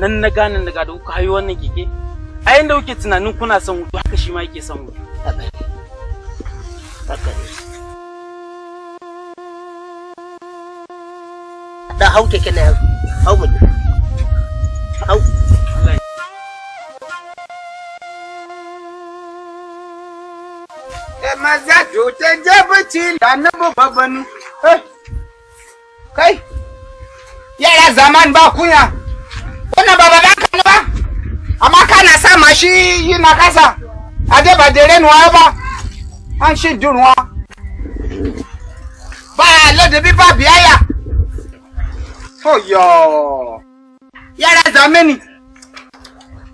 nan na gane daga da kuka hayo wannan keke a yanda kuke tunanin kuna son hutu haka shi ma yake son mu. da hau keke na hau mu hau eh, maza to ta jabaci da na kai yara zaman ba kunya wannan ba baban ka ne ba amma kana sa ma shi yi na kasa a dai ba dare nuwa ba an shi dunwa ba ladabi ba biyayya Oyo. Oh, Yara zamani.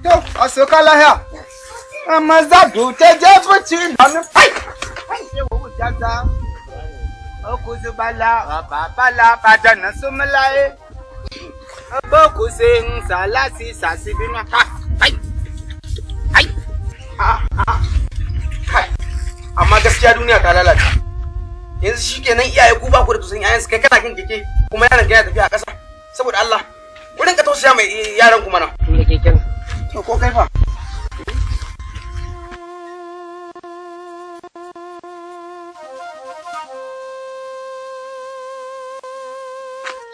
Yo, asoka lahiya. Ama zadu teje buti nanu. Ai. Ṣé wo wò jáza? Ó kú sí bala, bàbá bala, bàdànà súnmọ́ láyé. boko sai in salasi sasi binu ha hai hai amma gaskiya duniya ta lalace yanzu shikenan iyaye ku ba ku da tusan yayan kai kana kin keke kuma yaran kai ya tafi a ƙasa saboda Allah ku rinka tausaya mai yaran ku mana to ko kai fa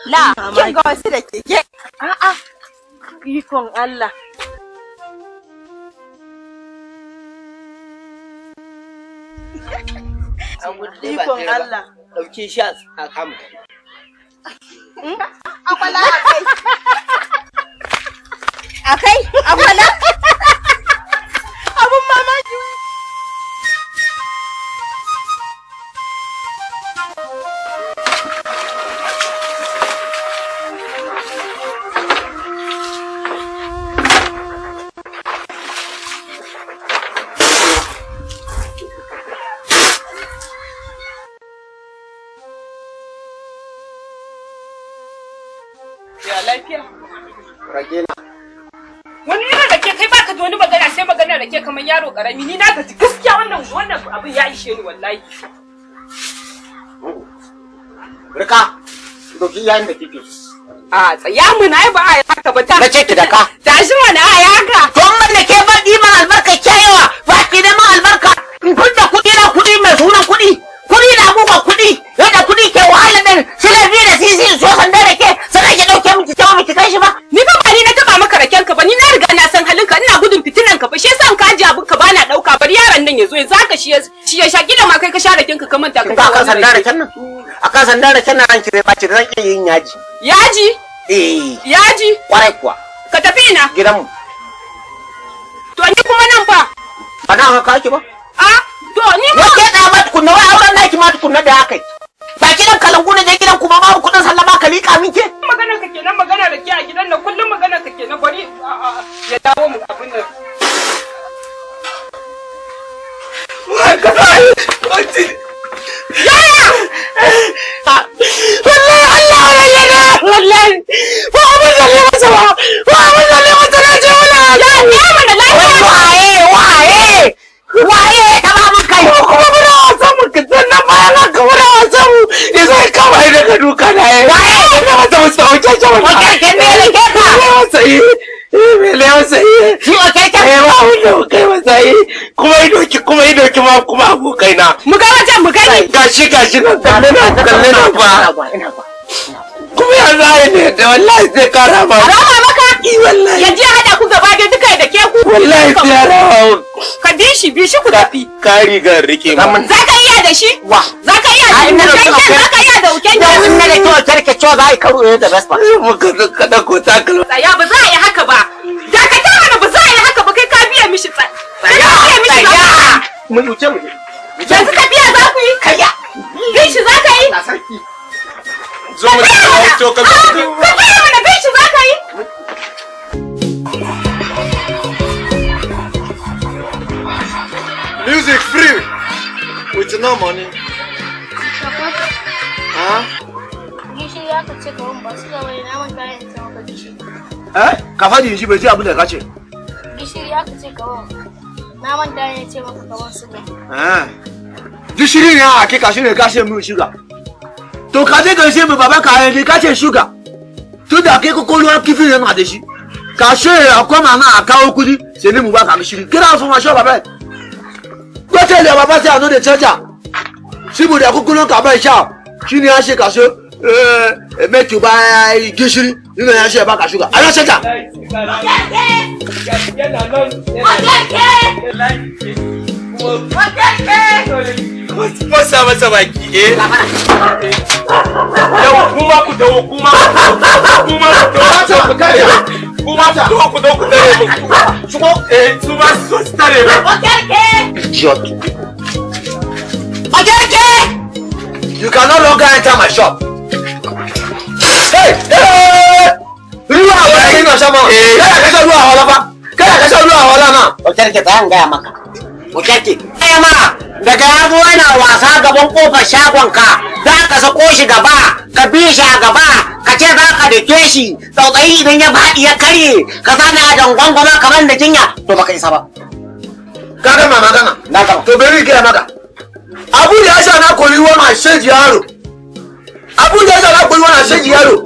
La, kin ga wasu da keke. A'a, ikon Allah. Ikon Allah. Ɗauke shi a kamu. Hmm? Akwala yayin da kike a tsaya na ba a haka ba ta nace ki daka tashi mu na ya to mun da ke ba albarka kyayawa ba ki da ma albarka in kuɗi na kuɗi mai sunan kuɗi kuɗi na buga kuɗi yadda kuɗi ke wahala din sule biyu da sisi so sanda da ke sai ki dauke miki kyawa miki kai shi ba ni ba ni na taba maka raken ka ba ni na riga na san halinka ina gudun fitinan ka ba shi yasa ka ji abin ka bana ɗauka. bari yaron nan ya zo ya zaka shi ya shi ma kai ka sha raken ka ka manta ka ka san da raken nan sanda da tana ranki zai baci zan iya yin yaji. Yaji? Eh. Yaji? Kwarai kuwa. Ka tafi ina. Gidanmu. kuma yi doki kuma yi doki kuma na kuma ne da wallahi zai rama maka wallahi ya je hada ku gaba da duka da ke ku wallahi sai rama ka bi shi bi shi ku ka rike ma za ka da shi? Wa. Za ka iya da wuken za ka iya da da tarke cewa za a yi karo da vespa. Muka kada takalma. ba za a yi haka ba. Dakata mana ba za a yi haka ba kai ka biya mishi tsaya. Tsaya tsaya. Mun wuce mu. Yanzu ka biya za ku yi? Kaya. Bin shi za ka yi? Na sarki. Zo mu ka zo. Ka biya mana bin shi za ka yi? Music free! With no money. Huh? Eh? Ka faɗi shi bai ce abin da ka ce. Gishiri ya ka ce gaban. Na manta ya ce maka gaban suga. Eh. Gishiri ne a kika shi ne ka ce min shuga. To ka je ka ce min baba ka ne ka ce shuga. Tun da kai kokoluwar kifin yana da shi. Ka ce akwai mana a kawo kudi sai ni mu ba ka gishiri. Kira su ma shi baba. go tell your papa say i no dey change am sibu da kukunun kaba isha shi ne ya ce kaso emetu ba ya yi gishiri nuna ya ce ba ka shuga ana shata Masa masa baki eh. Yau kuma ku dawo kuma kuma ku Eh, you can no longer enter my shop. ruwa àwọn ẹni eh, náà ṣọmọ eh. kẹ́lá kẹ́sọ̀ ruwa àwọn daga ya yana wasa gaban kofar shagonka za ka sako shi gaba ka bi shi a gaba ka ce za ka dake shi tsautsayi idan ya faɗi ya karye ka sami a dangon goma kamar da jinya to baka isa ba ka gama magana na gama to bari ka maka abu da ya sha na koyi wa mashin yaro abu da ya sha na koyi wa mashin yaro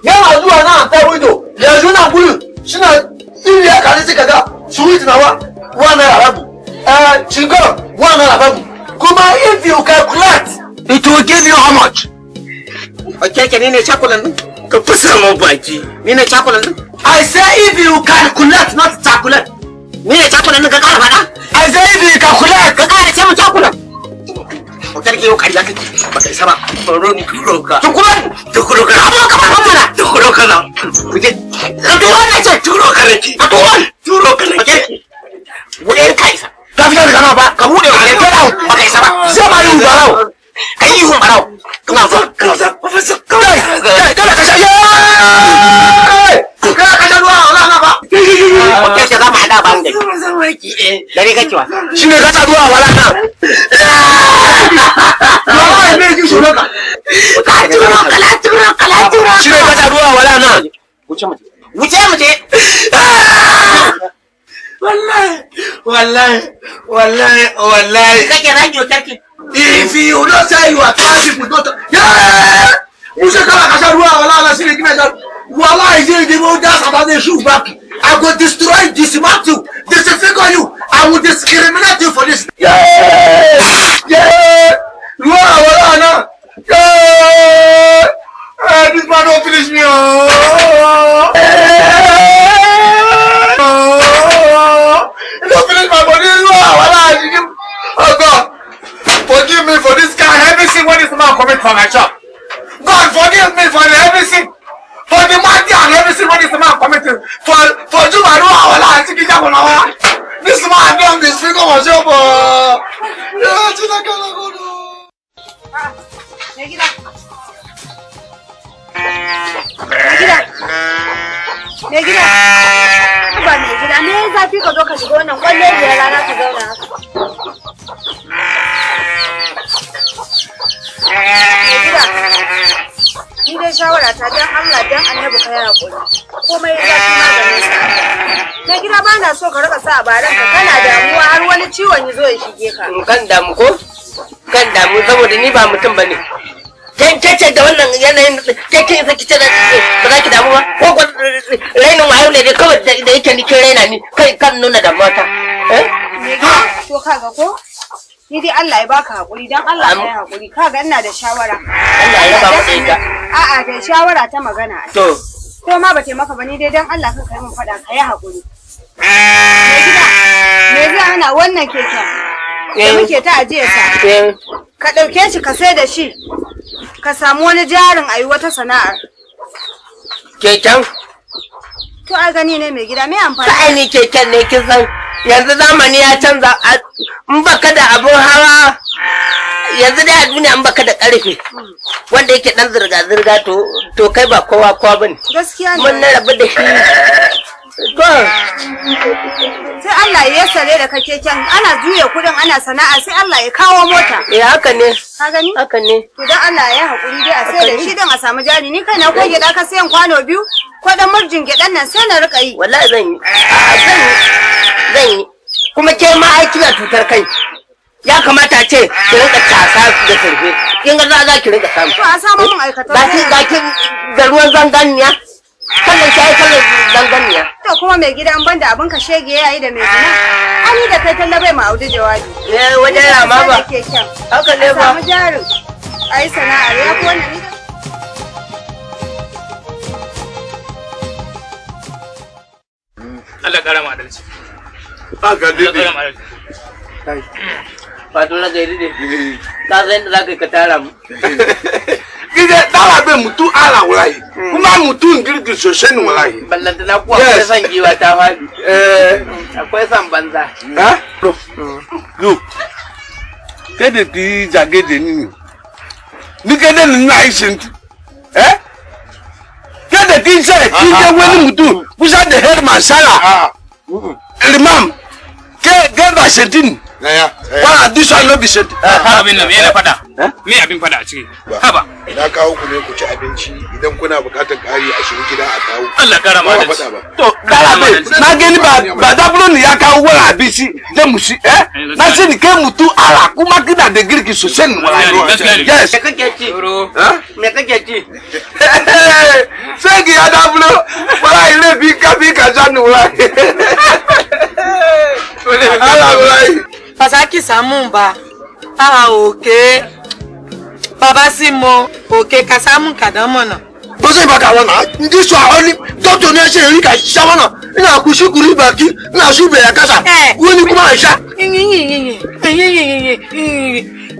yana zuwa na ta wido yanzu na gudu suna iri ya kare suka ga suwit na wa wa na rabu eh chingo wa na rabu kuma if you calculate it will give you how much Okay, can you check on Ka fasa ma baki. Ni ne cakulan din? I say if you calculate not chocolate. ne cakulan din ka kara faɗa? I say if you calculate. Ka kara ce mu cakulan. Hotel ke yau kariya kake. Ba kai sama. Baro ni kuro ka. Tukuran. Tukuro ka. Abu ka ba mana. ka na. Ka tuwa na ce tukuro ka Ka ka ka ba. Ka bude ne. Ba kai sama. Zama yin barau. kai yi barau. zo. zo. Oke, siapa ada bang deh? Dari kecil. Sini kata dua wala na. Dua ini juga sudah kan. Kacuro, kalacuro, kalacuro. Sini dua wala na. Wuce mace. Wuce mace. Wallahi, wallahi, wallahi, wallahi. Kake radio kake. If you don't say you are traffic, don't. Yeah. Musa kala kasha ruwa wala ala siri kina jar. Wala e izi di mo das abade shoot back. I go destroy, dismount you, disfigure you. I will discriminate you for this. Yeah, yeah. Ruwa wala ana. Yeah. Eh, hey, this man don't finish me. Oh. Oh. He don't finish my body. Ruwa wala. Oh God, forgive me for this guy. Every single this man commit for my shop. God forgive me for the heavy sin for the mighty and heavy sin wey this man committed for for Jumaru Awola and Tikija Wolawola this man don dey speak of ojo bo ya Chineke na godo. Megida. Megida. Megida. Ba Megida me zafi ka zo ka shiga wannan kwallon da rana ka zauna haka. gida, Ni dai shawara ta don Allah dan annabi ka yara kuri. Komai ya fi maganin sa. Na gida ba na so ka raka sa a baran ka kana damuwa har wani ciwon ya zo ya shige ka. Mm, kan damu ko? Kan damu saboda ni ba mutum ba bane. Kece da wannan yanayin kece isa kice da ba za ki damu ba ko ko rainin wayo ne dai kawai da yake ni kin raina ni kai kan nuna damuwa ta. Eh? To kaga ko? ni dai Allah ya baka hakuri dan Allah ya hakuri ka ga ina da shawara Allah ya ba mu a a'a da shawara ta magana to to ma ba maka ba ni dai dan Allah ka kai mun fada ka yi hakuri me gida me gida ana wannan keken da eh. muke ta ajiye sa eh. ka dauke shi ka sai da shi ka samu wani jarin ayi wata sana'ar keken To a gani ne mai gida me amfani. Sai ni keken ne kin san yanzu zamani ya canza in baka da abun hawa yanzu dai a duniya in baka da karfe wanda yake dan zirga zirga to to kai ba kowa kowa bane. Gaskiya ne. Mun na rabu da shi sai Allah ya sare da kake kyan ana juya kudin ana sana'a sai Allah ya kawo mota eh haka ne ka gani haka ne to dan Allah ya hakuri dai a sai da shi dan a samu jari ni kai na ko gida ka sayan kwano biyu ko dan murjin gidan nan sai na rika yi wallahi zan yi zan yi zan yi kuma ke ma ai kina tutar kai ya kamata ce ki rinka tasa da turfe kin ga za ki rinka samu to a samu mun aikata ba ki ga ki da ruwan zanganiya kallon ki ai kallon danganiya to kuma mai gida an banda abin ka shege yayi da mai gida ani da kai tallabai ma audi jawabi eh wajen ya ma ba haka ne ba samu jarin ai sana'a ya ko wannan ne. Allah kara ma adalci ba ga dide ba dole ga dide ka san da zaka ka tara mu gide dala be mutu ala walayi kuma mutu ngiri ki soshe ni walayi ballantana kuwa akwai san giwa ta fadi eh akwai san banza ha look kede ki jagede ni ni kede ni na ishintu eh kede ki se ki je weni mutu pusa the headman sala limam ke geba shentin Ba addition no be Abin nan fada? Me eh? abin ciki? Haba. Na kawo ku ne ku ci abinci idan kuna bukatar kari a shiru gida a kawo. Allah kara ma da. To kara na gani ba ba ya kawo wala abinci da eh? Eh, Na ni mutu ala kuma da girki wala. Yes. kake ci? Me kake ci? Sai ki ya ne bi ka bi ka Ala Fasaki Samunba a ah, òkè ah, bàbá sí mo òkè Kasamu Kadamọ̀nà. Bọ́sẹ̀ ìbàkà wọn náà ndí sọ àwọn ní dọ́kítọ̀ ní ẹṣẹ̀ rí kà ṣiṣẹ́ wọn náà nínú àkùsíkùrú ìbàkí nínú àṣùbẹ̀ àkàṣà eh. wọ́n ní kó máa ṣá.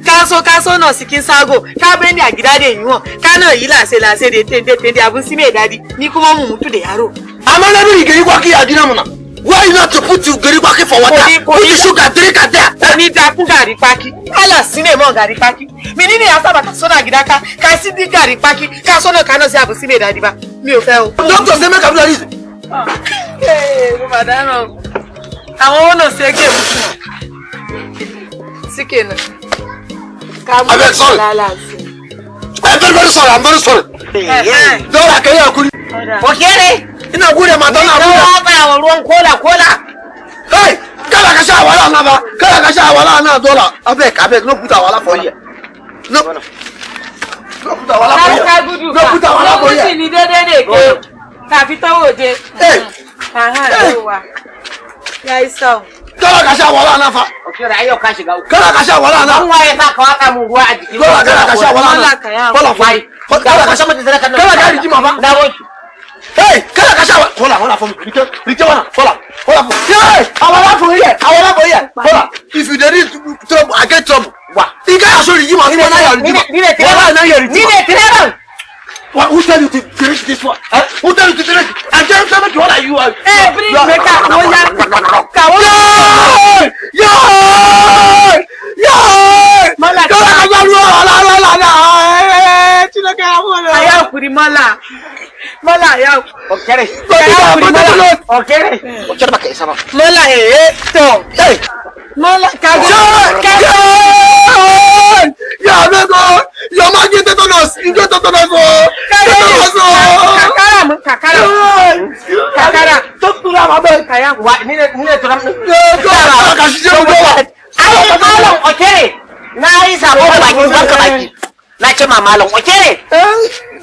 Káso káso náà sì kí n ságo kábẹ́ndì àgídáde yìí wọ̀n kánà yìí làṣẹ làṣẹ de tèndé tèndé abúsí mẹ́ẹ̀dádì ní kó mọ́ mùmú tùdẹ̀ yàrá. Àmọ́ lẹ́bí ìgèríkọ́ kí àdínàmùnà why you not to put your gari paki for water put sugar drink at there. kò ní dáa fún gàrí pákí kálà sílẹ̀ mọ́ gàrí pákí mi nínú ìyá sábà sọ́nà àgídáká ká sí ní gàrí pákí ká sọ́nà kaná sí àbòsí lè dáadé bá mi ò fẹ́ o. doctor say make i do like this. mo mà dáná o àwọn owó náà ṣe géèmù sí kènà ká mú ìṣẹ̀lá I'm very very sorry I'm very sorry. Dọ́là kẹ́yà kú. Òkèrè ina gure mata na gure ka tsaya wa ruwan kola kola kai kada ka sha wala na ba kada ka sha wala na dola abeg abeg no put wala for here no no put wala for here no put wala for here ni dede ne ke ka fi tawo je eh aha yawa yayi sau kala ka sha wala na fa kira ka shiga kala ka sha wala na kuma ya ka waka mu ruwa a jiki kala ka sha wala na kala fa kala ka sha mata zaka kala ka rigima fa na woki hey kẹlẹ kasi awa fọlá fọlá fọlá rike rike wana fọlá fọlá fọlá hey awọn alafọ yẹ awọn alafọ yẹ fọlá if you dey need i get trouble wa i ka yaso riji ma fi wọn n'ayọ riji ma wọn n'ayọ riji ma. nine tirẹrẹ. What, who tell you to finish this one? Who tell you to finish? I'm just telling you what are you? Eh, bring me ka wonya ka wonya. Yay! Yay! Mala. Kala kala ruwa la la la la. Chinoka amola. Aya kuri mala. Mola ya. Okere. Mola. Okere. Okere pakai sama. Mola itu. Hey. Mola kagon. Kagon. Ya bego. Ya magi tetanus. Injo tetanus o. Tetanus o. Kakara mu kakara. Kakara. Tok tura ma be kaya. Wa ni ne ni ne tura. Kakara. Kakara. Ayo kalau okere. Na isa bo bagi bagi. na ce ma malam oke ne eh,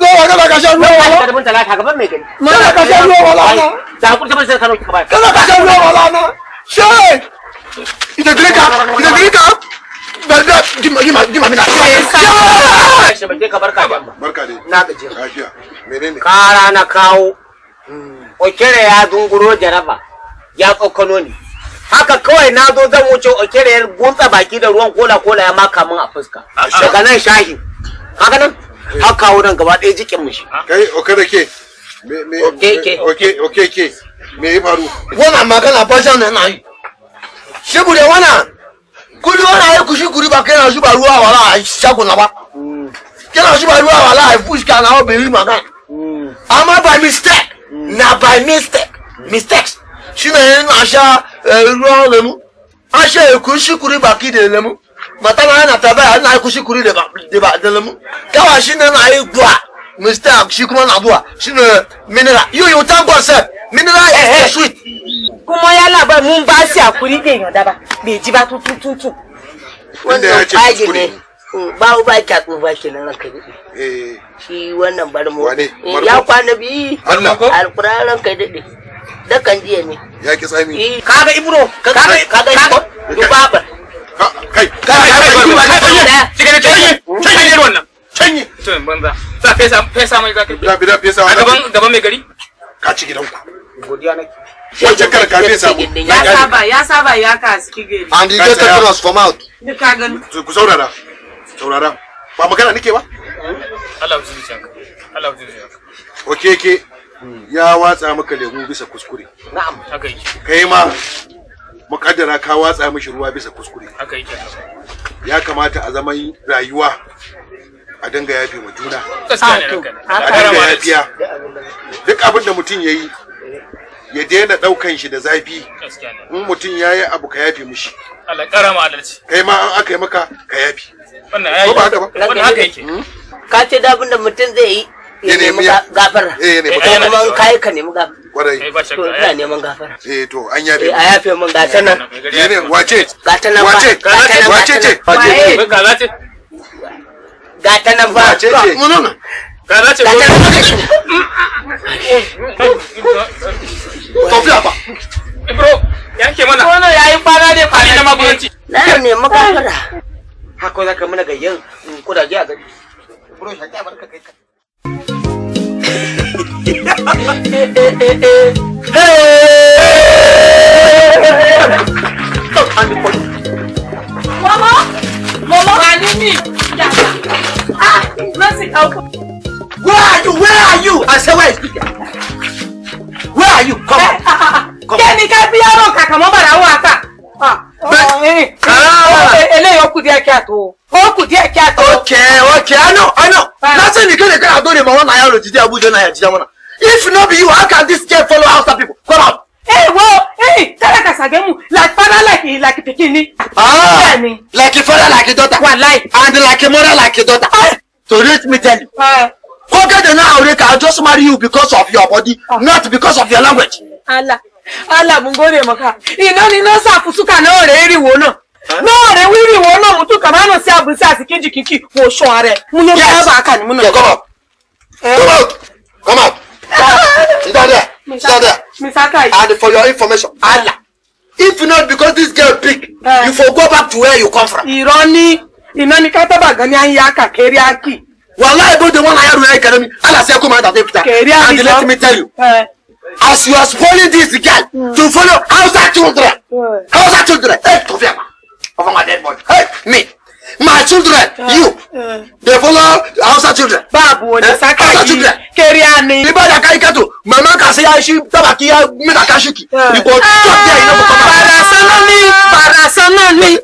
zo wa ka shan ruwa wala da mun gaban mai gani ka shan ruwa wala da hakuri ta sai ka roki ka bai kana ka shan ruwa wala na she ita direka ita direka barka jima jima jima mina she ka barka da barka dai na gaje lafiya menene kara na kawo okere ya dunguro jaraba ya tsokano ni haka kawai na zo zan wuce okere ya gunsa baki da ruwan kola kola ya maka min a fuska daga nan shahi kaga nan har kawo nan gaba ɗaya jikin mu shi kai o kada ke oke ke oke oke ke me ya faru wannan magana ba shan nan nayi shebu da wannan kudi wannan ya kushi kuri ba kana zuba ruwa wala a shago na ba kana zuba ruwa wala a fuska na obiri magana hmm. amma by mistake hmm. na by mistake mistakes shine yin asha eh, ruwan lemu asha ya kushi kuri baki da lemu mata na ana tabaya ana ku shukuri da ba da lamu kawa shi ne na yi gwa mr shi kuma na duwa shi ne mineral you you thank god sir mineral is eh, eh. sweet kuma ya labai mun ba shi akuri da yan daba bai ji ba tutun tutun wanda ya ce kuskure mm, ba u ba ka tsufa kenan ranka dade eh. shi wannan barmo ya kwana bi alquran ranka dade da kan jiya ne ya ki tsami kaga ibro kaga kaga duba kai kai kai ya ya watsa maka lemu bisa kuskure na'am haka yake kai ma muƙaddara ka watsa mishi ruwa bisa kuskure ya kamata a zaman rayuwa a dinga yafe ma juna ah, a dinga yafiya duk abin da mutum ya yi ya daina ɗaukan shi da zafi in mutum ya yi abu ka yafe mishi kai ma an aka yi maka ka yafe wannan haka yake hmm? ka ce da abin da mutum zai yi ya nemi gafara kuma ka ka nemi gafara kwarai to ina neman gafara eh to an yafe eh, a yafe mun gata nan ne wace gata nan wace wace ce wace ce gata nan ba wace ce ce gata ce ba eh, bro yanke mana wannan yayin na magunci na gafara zaka gayyan kudaje a gari bro barka kai Mama, mama, mani mi. Ah, mercy, help. Where are you? Where are you? I say where is Peter? Where are you? Come on. Come on. Kẹ́ni ká bí ọ̀rọ̀ kàkà mọ́ bàrà wọ àtà. Eléyìí ó kù díẹ̀ kí a tó. Ó kù díẹ̀ kí a tó. Okay, okay, I know, I know. Lásìkò nìkan nìkan àtó rè mọ̀ wọ́n náà yà lò jíjẹ́ Abuja náà yà jíjẹ́ wọn náà if not be you how can this girl follow outside people come out. Hey, whoa, hey, tell like Asagemu, like father like like pikini. Ah, like a father like a daughter. One like. And like a mother like a daughter. Ah. So let me tell you. Ah. Forget the now, Rika, I'll just marry you because of your body, ah. not because of your language. Allah, Allah, mungore maka. Ino ni no sa kusuka na ore eri wo na. Na ore wiri wo na mutu kama no si abusi asikinji kiki wo sho are. Muno yes. ba aka ni muno. Come out. Come out. Come out. She's there. She's not there. Misaka. And for your information, Allah. If not because this girl big, uh, you for go back to where you come from. Ironi, inani kataba gani anyaka keriaki. Wallahi, about the one I had with economy, Allah say come out of it. And let me tell you. Uh, as you are spoiling this girl mm. to follow how's that children, How's hmm. that children, hey, to them, over my dead body, hey, me, my children ah, you ah. they follow hausa children Babu, baabu oni sakaki keriani ibada kai kato mama ka se aishi tabaki ya mita kashiki you go chop there you no go come out parasanani parasanani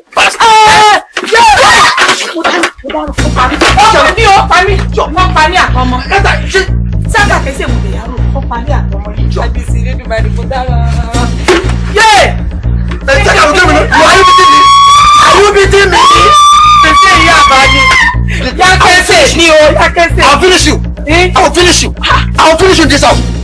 ọmọ mi ò pa mí jọ̀wọ́ pa ní àtọmọ. sábà kẹsẹ̀ mo lè yàrá òkú pa ní àtọmọ yìí jọ. àbí sì rí dùbà ìdìbò dára. yé ẹ jẹ́ ká ló dé mi lọ ayé bí tí mi ayé bí tí mi máa finish you. I'll finish you. Eh? I'll finish you this house.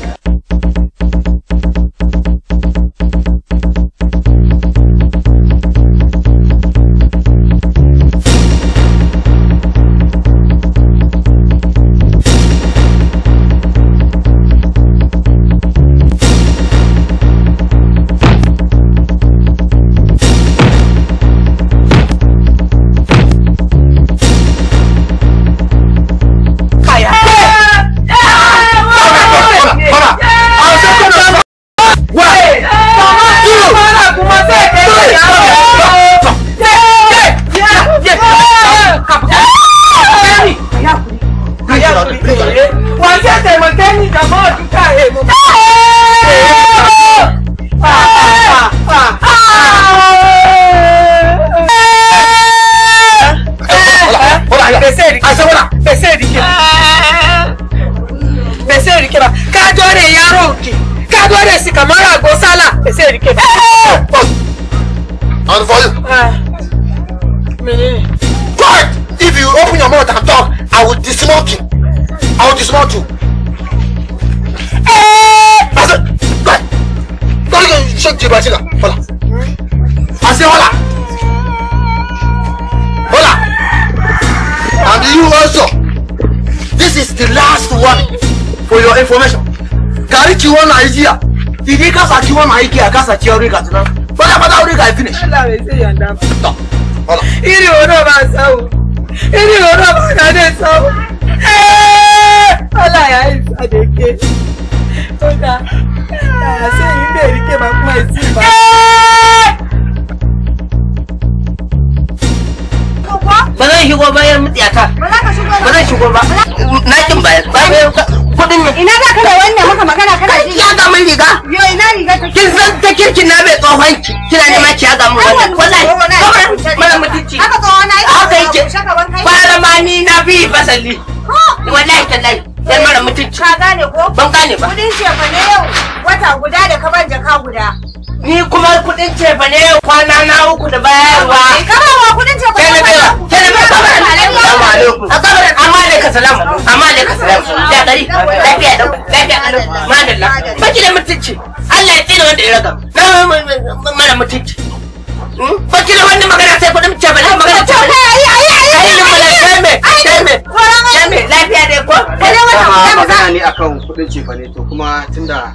mai jiya fidi kasa kiwa mai kiya kasa kiya wuri ka tunan fada fada wuri ka finish Allah bai sai yanda to hola iri oro ba sau iri oro ba ka ne sau eh Allah ya yi sadeke oga ya sai yin da rike ba kuma isi ba ba zan shigo bayan mutsiyata ba za ka shigo ba ba zan shigo na kin bayan bayan kudin ne. Ina za ka da wannan maka magana kana ji. Ki ga mun riga. Yo ina riga ta. Kin san ta kirkin na bai tsohon ki. Kina neman ki yaga min wannan. Wallahi kawai mara mutunci. Haka tsohon na yi. Haka yake. Fara ma ni na bi basali. Wallahi tallahi. Sai mara mutunci. Ka gane ko? Ban gane ba. ce fa ne yau wata guda da ka ban jaka guda. Ni kuma ce fa ne kwana na uku da bayarwa. Karawa ce fa ne. Kene bela. Kene bela. Assalamu alaikum. Assalamu alaikum. Amma alaikum salam. Amma salam. ɗari lafiya da lafiya da la. baki da mutunci Allah ya tsina wanda ya raga na mara mutunci baki da wanda magana sai kudin jabala magana jabala ayi ayi ayi ayi ne mala jame jame jame lafiya da ko kada wata magana ne akan kudin cefane to kuma tunda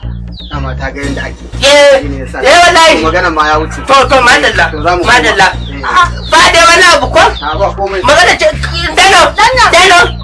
dama ta ga yadda ake eh wallahi magana ma ya wuce to to madalla madalla ba da wani abu ko magana ce dano dano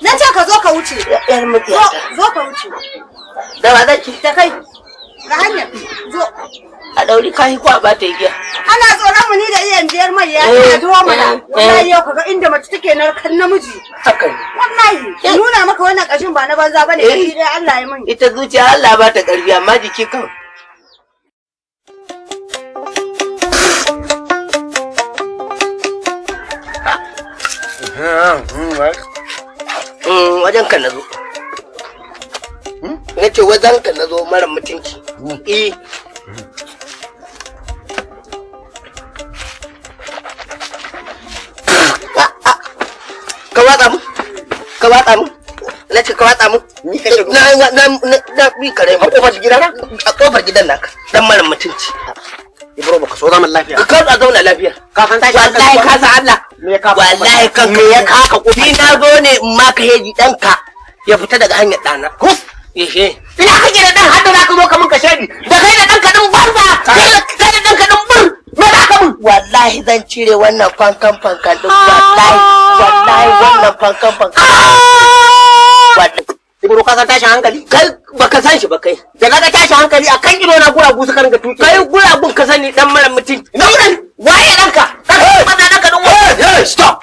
Na ce ka zo ka wuce. Yar mutiyata. Zo ka wuce. Da ba zaki? Da kai. Ga hanyar. Zo. A ɗauri kayi ko ta yi giya. Ana tsoron mu ni da iyan biyar mai ya ta eh, tuwa mana. Eh, Wallahi eh. yau kaga inda mace take narkan namiji. Haka ne. Wallahi nuna maka wannan ƙashin ba na banza bane kashi dai Allah ya mun. Ita zuciya Allah ba ta ƙarfi amma jiki kan. Yeah, hmm, right. Hmm, wajen ka na zo hmm? na ce wajen ka na zo mara mutunci hmm. eh ah, ah. ka watsa mu ka watsa mu na ce ka watsa mu na na na bi kare ma kofar gidan na kofar gidan naka dan mara mutunci Ibro baka so zaman lafiya. Ka a zauna lafiya. Ka san tashi wallahi ka san Allah. Me ka wallahi ka me ya kaka ko na zo ne in ma ka heji danka ya fita daga hanyar dana. Kus yeshe. Ina kake da dan hadda ka zo ka mun ka shedi. Da kai da danka din barba. Kai da danka din bur. Me za ka mun? Wallahi zan cire wannan fankan fankan duk! Ah. wallahi wallahi wannan fankan fankan. Ah. Ibro ka san tashin hankali? Kai baka san shi ba kai. Da ka tashin hankali a kan ido na guragu suka ringa tuki. Kai guragun ka sani dan mara mutum. Nauran waye ranka? Kai maza naka dan waye. Hey, stop.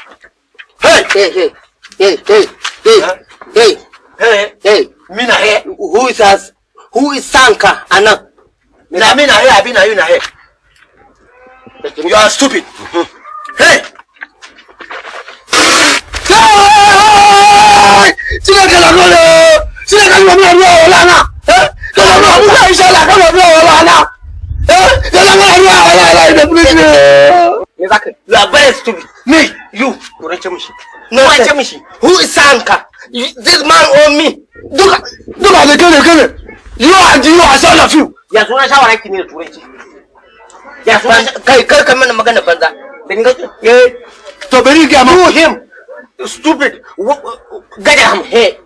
Hey, hey, hey. Hey, hey. Hey. Hey. Hey. Hey. Mina he. Who is us? Who is Sanka? Anan. Na mina he abina you na he. You are stupid. hey. Hey. sílẹ̀ kẹlẹ̀ kọ́ are very stupid me you mishi mishi is sanka this man or me duka da ya shawara ne ya kai kai banza to bari him Stupid! Get him here.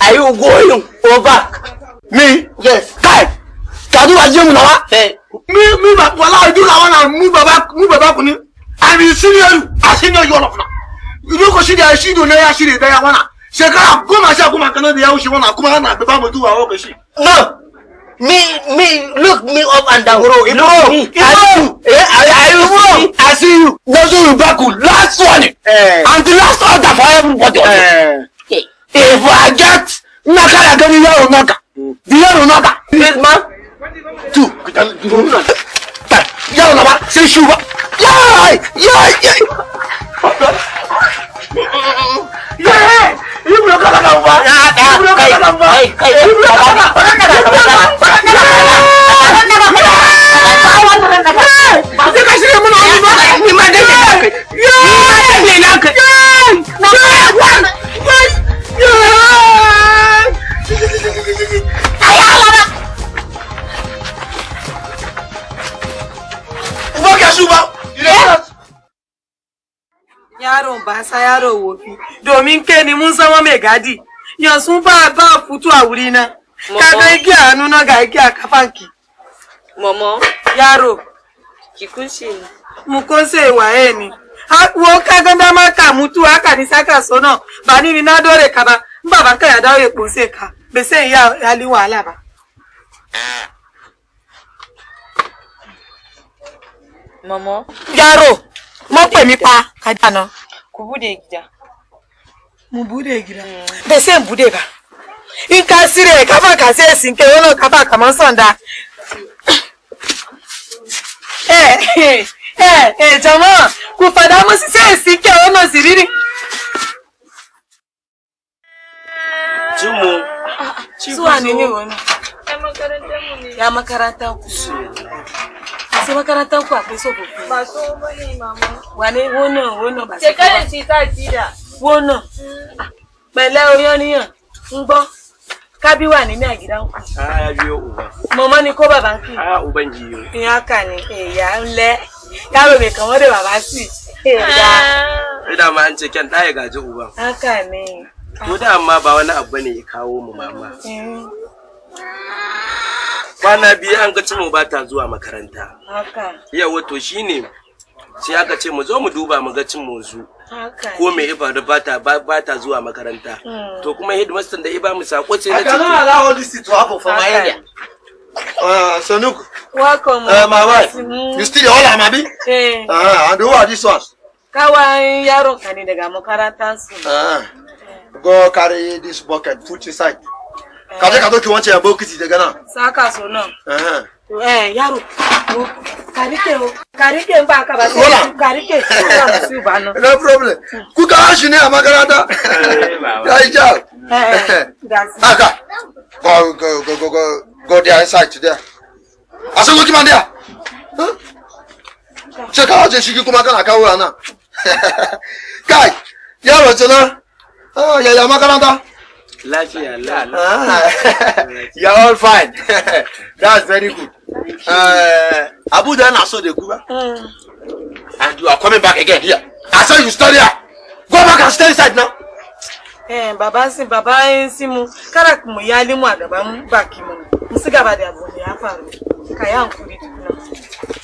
Are you going or back? Me? Yes. Kai! Tadu Ajimu Nawa? Hey. Me, me, but Wala, I do now and I move back, move back. I'm in senior you. I senior you all of now. You don't go see the you now, I see you there. I wanna. Shekara, go myself, go my canoe, the house you wanna, come on, I'm about to do our work. No! mi mi look me up and down. Bro, no, me. I you. Yeah, I, I, I, see you. No, so you back. Last one. Uh, and the last order for everybody. Uh, eh. okay. If I get Naka, I get the Yaro Naka. Hmm. The Yaro Naka. gadi yanzu ba ba fito a wuri na kaga igiya hannu na ga igiya akafanki. momo yaro ki kunshi ne mu kunse waye ne wo kaga dama ka mutu haka ni saka so na ba ni na dore ka ba baban ka ya dawo ya kunse ka be ya hali ala ba momo yaro mo pe mi pa ka dana ku bude mu bude gida bai sai bude ba in ka sire kafa ka sai sinke wani kafa kamar sanda eh eh eh, eh jama'a ku fada musu sai sinke wani siriri jimu zuwa ne ne wani ya makaranta ku masu makarantar ku akwai so gobe masu wani mama wane wannan wannan ba shekarar ce ta jida wo náà ah, pẹ̀lẹ́ oyánníyàn ń gbọ́ ne a gidanku a biyo uba ni ko baban ki a uban jiyo in haka ya nle yaro kamar da baba si ma an kyan daya gaji uban haka ne da amma ba wani abu ne kawo mu mama kwana biyu an ga mu ba ta zuwa makaranta yau wato shi shine sai aka ce mu zo mu duba mu mu zu ko mai ifa da bata bata zuwa makaranta hmm. to kuma headmaster da iba mu sako ce na ciki I cannot allow all this to happen for my end uh, Sanuk welcome uh, my wife mm. you still all abi eh ah and who are these ones kawai yaron ka ne daga makaranta su ah go carry this bucket put inside ka je ka eh. doki wancan ya bokiti daga nan saka so nan uh-huh. eh yaro karike o karike n ba kaba sai karike ba su ba no no problem kuka hashi ne a makaranta ya yi kyau haka go go go go go go there inside to there a sun zuki man there sai ka waje shigi kuma kana kawo nan kai yaro ce na yaya makaranta lafiya you are all fine that's very good uh, abuja na so the go back and you are coming back again here i saw you study am go back and stay inside now. Eh, baba sin baba yin si mu kara mu ya limu agaba mu baki mu mu si gaba da abu ya faru ka ya hankuri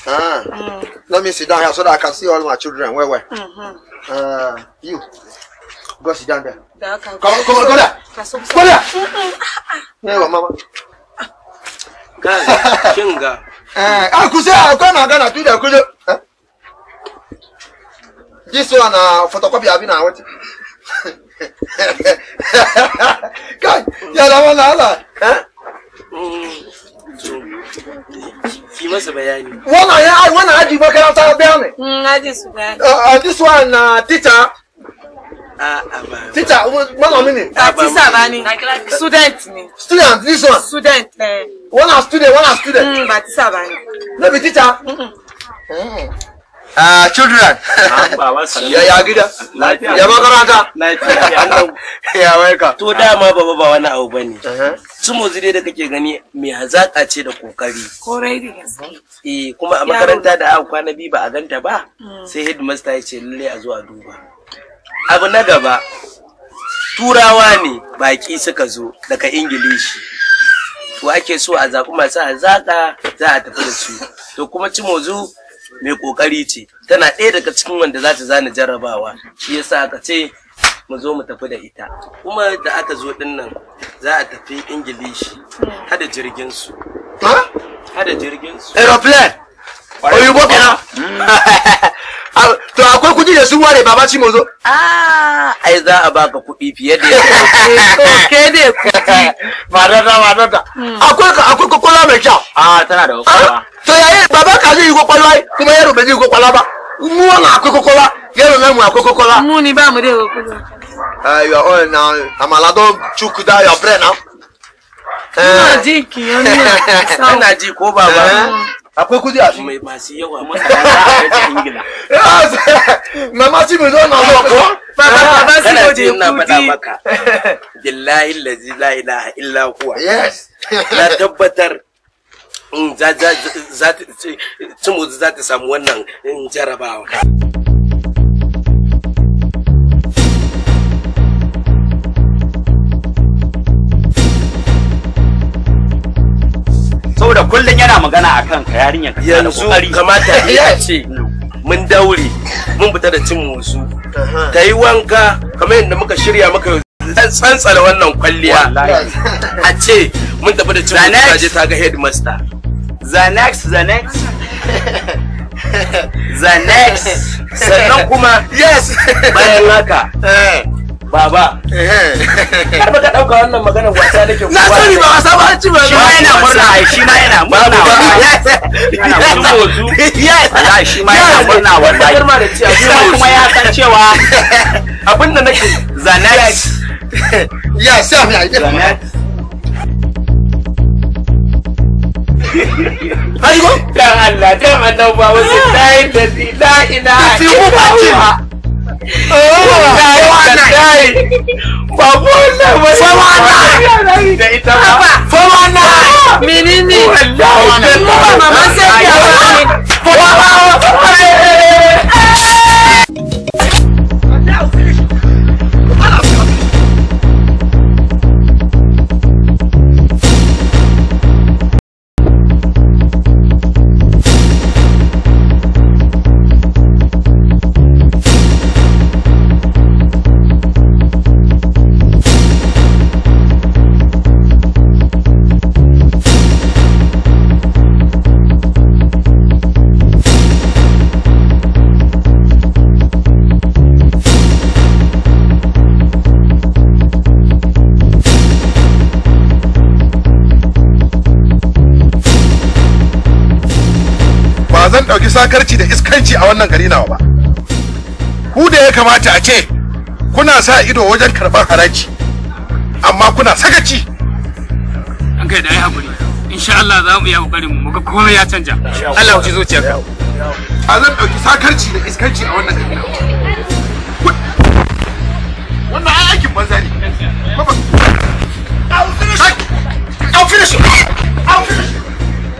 Ah, mm. let me sit down here so that I can see all my children well well. Mm -hmm. uh, you Go sit down there. Come on, come on, go there. Go there. Yeah, mama. Gaza, Shinga. Eh, aku kuze, ah, kana, kana, tu da kuze. This one, uh, photocopy abi na what? Kai, ya la wala ala. Eh? Ki hmm, masa bayani. Wannan ya ai wannan aji makaranta bayani. Mm, aji su bayani. Uh, eh, ah, this one uh, teacher Teacher, malami ne. Ba teacher ba ni. Ah, student ni. Student this one. Student. Eh. One are student, one are student. Mm, ba teacher ba ni. No be teacher. Mm -mm. Mm. Uh, children. ya ya gida. Ya makaranta. Ya welcome. To dama baba ba wani abu bane. Uh-huh. Sumo zire da kake gani mai hazaƙa ce da kokari. Korai da gaske. Eh kuma a makaranta da aka kwana bi ba a ganta ba mm. sai headmaster ya ce lalle a zo a duba. abu na gaba turawa ne baki suka zo daga ingilishi to ake so a zaɓi masu hazaƙa za a tafi da su to kuma cimozu mai ƙoƙari ce tana ɗaya daga cikin wanda za ta zana jarrabawa shi yasa aka ce mu zo mu tafi da ita kuma da aka zo din nan za a tafi ingilishi hada jirgin su hada jirgin su aeroplane oyubo kenan mm. to akwai kuɗi da sun ware baba cimo zo ah, ai za a baka kuɗi fiye da ke ne kuɗi madada madada akwai ka akwai kokola mai kyau Ah! tana da ah, kokola to yayi baba ka zai yi kokola kuma yaro bai zai kokola ba mu wannan akwai kokola yaro na mu akwai kokola mu ni ba mu dai kokola Ah, you are all now amala don chuku da your brain now ina ji ki yana eh. ina ji ko baba eh. akwai kudi a shi mai masu yawa masa a ingila mama ci mai zo na zo ko ba ba ba su waje na faɗa maka billahi lazi la ilaha illa huwa yes na tabbatar in za ta samu wannan jarabawa saboda kullum yana magana akan kanka, yarinyar ka yanzu kamata ya ce mun daure mun fita da cin musu Ta yi wanka kamar yadda muka shirya maka tsantsara wannan kwalliya a ce mun tafi da cin musu ta je ta ga headmaster the next the next the next sannan kuma yes bayan haka eh. baba eh. kar ka dauka wannan maganar wasa nake na sani ba wasa ba ci ba shi ma yana murna ai shi ma yana murna ya ya shi ma yana murna wallahi kuma ya san cewa da nake zanet ya sa mi ai zanet Aiko? Dan Allah, dan annabawa, sai ah. la ina illa Allah. fawana menene mama sai ya fawana sakarci da iskanci a wannan gari nawa ba ku da ya kamata a ce kuna sa ido wajen karɓar haraji amma kuna sakaci an kai da ai hakuri insha Allah za mu iya ƙoƙarin mu ga komai ya canja Allah ku ci zuciyarka a zan ɗauki sakarci da iskanci a wannan gari nawa wannan ai aikin banza ne I'll finish it.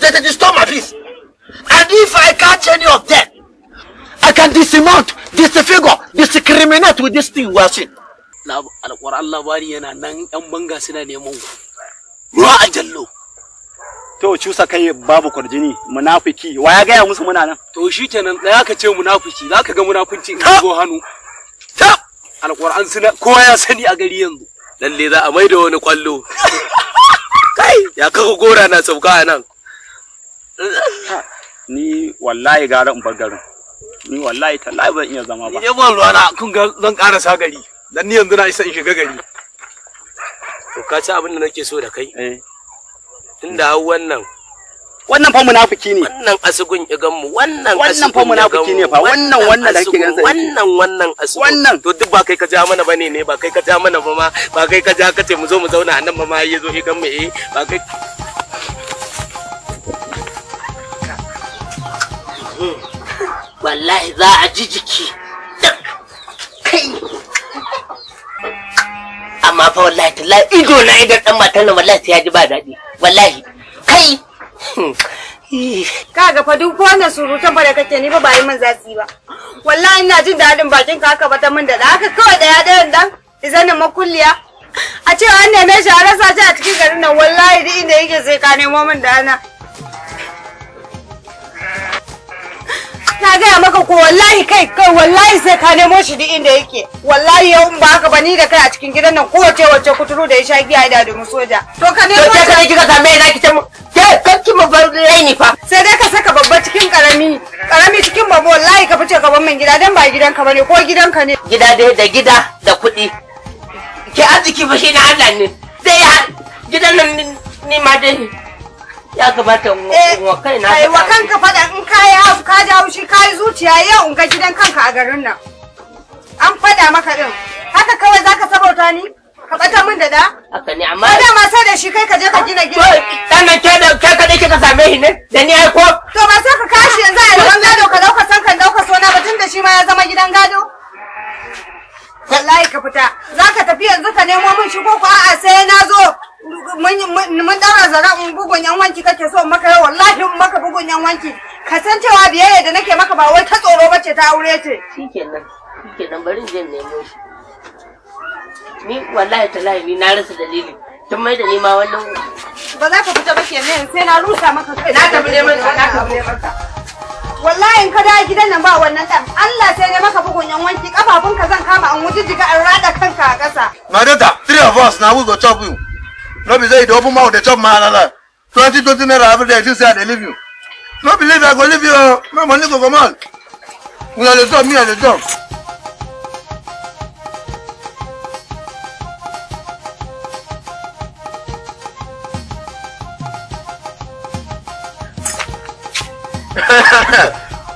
They, they disturb my peace. And if I catch any of them, I can dismount, disfigure, discriminate with this thing we are seeing. Alƙur'an labari yana nan 'yan banga suna neman ruwa a jallo. To cusa kai babu kwarjini munafiki wa ya gaya musu muna nan. To shi kenan da ya ka ce munafiki za ka ga munafunci in zo hannu. Ta alƙur'an suna kowa ya sani a gari yanzu. Lalle za a maida wani kwallo. Kai ya kaka gora na sauka a nan. ni wallahi gara in garin ni wallahi tallahi ban iya zama ba ni ban na kun ga zan karasa gari dan ni yanzu na isa in shiga gari to ka ci abin da nake so da kai eh tunda wannan wannan fa munafiki ne wannan asugun igan mu wannan wannan fa munafiki ne fa wannan wannan da kake ganin wannan wannan asugun wannan to duk ba kai ka ja mana bane ne ba kai ka ja mana ba ma ba kai ka ja kace mu zo mu zauna a nan ba ma yazo igan mu eh ba kai wallahi za a ji jiki kai amma fa wallahi ta. ido na ido dan matar nan wallahi sai ya ji ba daɗi wallahi kai ga fa duk wannan surutan ba da kake ni ba bayin man za su yi ba wallahi ina jin daɗin bakin ka haka ba ta min da haka kawai daya dayan dan izanin makulliya a cewa an neme shi a rasa shi a cikin garin nan wallahi duk inda yake sai ka nemo min da ana na gaya maka ko wallahi kai kai wallahi sai ka nemo shi duk inda yake wallahi yau ba haka ba ni da kai a cikin gidan nan kowace wacce kuturu da ya sha giya da domin soja to ka nemo to kai kika same na kike mu ke kanki mu bar laini fa sai dai ka saka babba cikin karami karami cikin babba wallahi ka fice gaban min gida dan ba gidan ka bane ko gidan ka ne gida dai da gida da kuɗi ke arziki fa shi na Allah ne sai gidan nan ni ma dai ya gabata, eh, wa kai na kai wa kanka fada in ka yi abu ka ji shi ka yi zuciya yau in ga gidan kanka a garin nan an fada maka din haka kawai zaka sabauta ni ka bata min da da haka ne amma da ma sai da shi kai ka je ka gina gida dan ke da kai ka dake same shi ne da ni ai ko to ba sai ka kashi yanzu a yawan gado ka dauka san kan dauka so na batun da shi ma ya zama gidan gado wallahi ka fita zaka tafi yanzu ka nemo min shi ko ko a'a sai na zo mun dara zara in bugun yan wanki kake so maka yau wallahi in maka bugun yan wanki ka san cewa biyayya da nake maka ba wai ta tsoro ba ce ta aure ce shikenan shikenan bari je nemo shi ni wallahi talahi ni na rasa dalili tun mai da ni ma wannan ba za ka fita ba kenan sai na rusa maka kai na tafi neman na tafi neman wallahi in ka dawo gidan nan ba wannan dan Allah sai ne maka bugun yan wanki kafafunka zan kama an jiga an rada kanka a ƙasa madada three of us na we go chop you no be say you dey open mouth dey chop my halala twenty twenty naira every day you think say i dey leave you no believe i go leave you oh. o my money go comot una dey talk me i dey talk.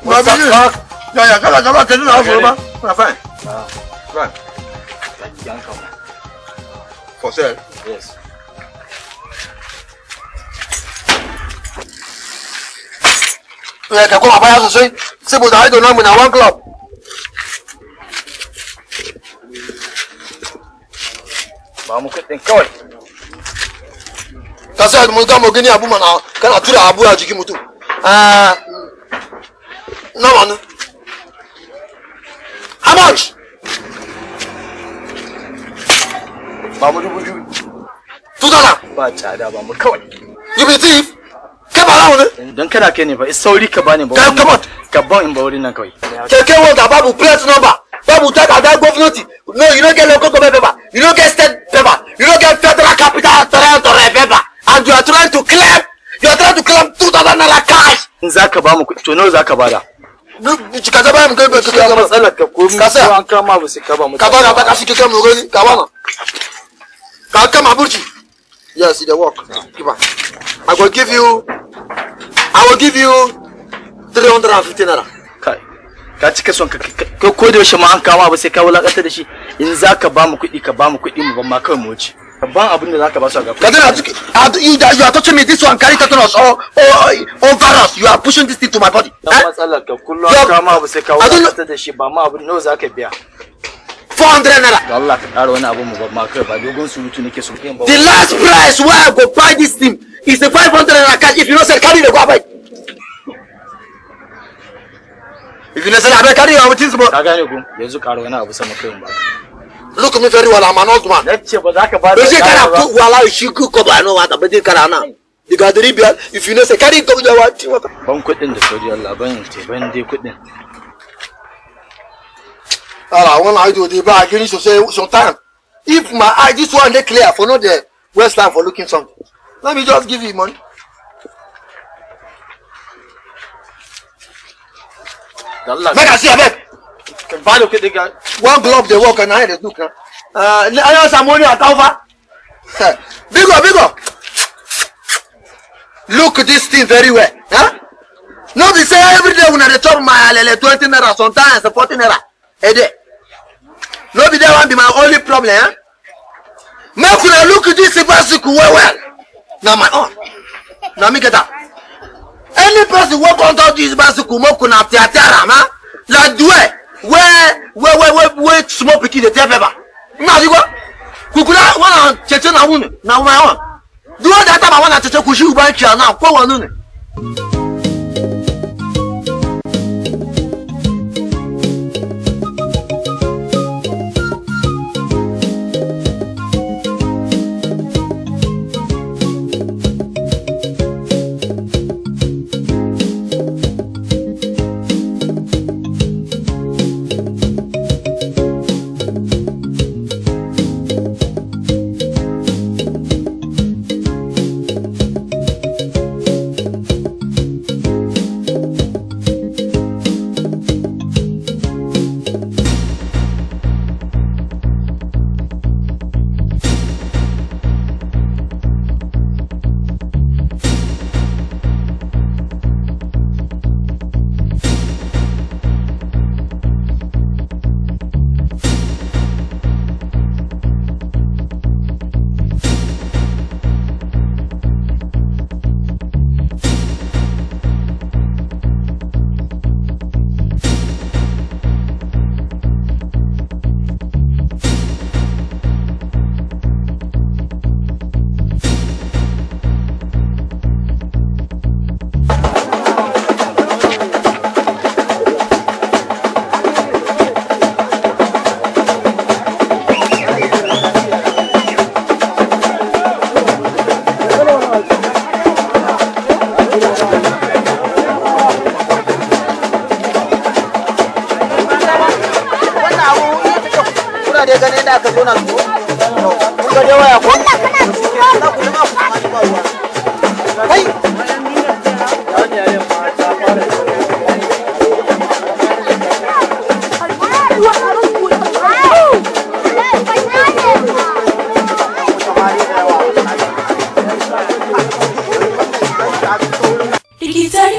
What's up, Doc? Ya ya kala kala kẹlẹ náà fọlọ bá fúnra fáìn. Fúnra. Fọsẹ. Yes. ya eh, ka koma baya sosai saboda idol namu na one club ba mu kuɗin kawai ka sa mu ga mu gani abu mana kana tura abu a jikin mutum ah nawa ne how much ba mu dubu biyu tutana ba tsada ba mu kawai you believe kai ba rawo don kana kai ne ba sauri ka bani ba kai come ka ban in ba wurin nan kawai kai wanda babu plate number babu tag ada government no you no get local government paper you no get state paper you no get federal capital territory paper and you are trying to claim you are trying to claim 2000 naira cash in zaka ba mu to nawa zaka bada ka zaba mu kai ka zaba ka ko ka sa an kama ba sai ka ba mu ka ba ka shi ka mu gani ka ba ma ka kama Yes, it work. Give her. I will give you. I will give you three hundred and fifty naira. Kai, ka cika son ka ko da yaushe ma an kama ba sai ka wulakanta da shi. In za ka ba mu kuɗi ka ba mu kuɗi mu ban ma kawai mu wuce. Ban abin da za ka ba su a gaba. Kadira, ah, you are touching me this one carry tetanus or or or virus. You are pushing this thing to my body. Dan eh? matsalar ka kullum an kama ba sai ka wulakanta da shi ba ma abin nawa za ka biya. 400 naira. The last price where I go buy this thing is the 500 naira cash if you no sell carry the go buy. If you no sell abai carry your things Ka gane ku yanzu ƙara wani abu ba. Look me very well I'm an old man. ka ba da. Ba shi ku ko ba no wata ba dai kana na. Diga dari biyar if you no sell carry go buy what. Ban kuɗin da sauri Allah ban ban dai uh, when I do the bar, I give you sometimes. If my eye, this one they clear for not the waste time for looking something. Let me just give you money. Make I see a bit. One glove they work and I they look. Uh, I know some money at over. Bigger, bigger. Look this thing very well. Huh? Not the say every day when I chop my alele twenty naira, sometimes forty naira. A day no be that one be my only problem eh? make una look dis bicycle well well na my own na me get am any person wey come touch dis bicycle make una tear tear am eh? like the way wey wey wey wey wey small pikin dey tear paper una see go kukuna wana cheche na wunu na my own the one that time i wan na cheche kushi ubanki ana ah, kwe wanu ne.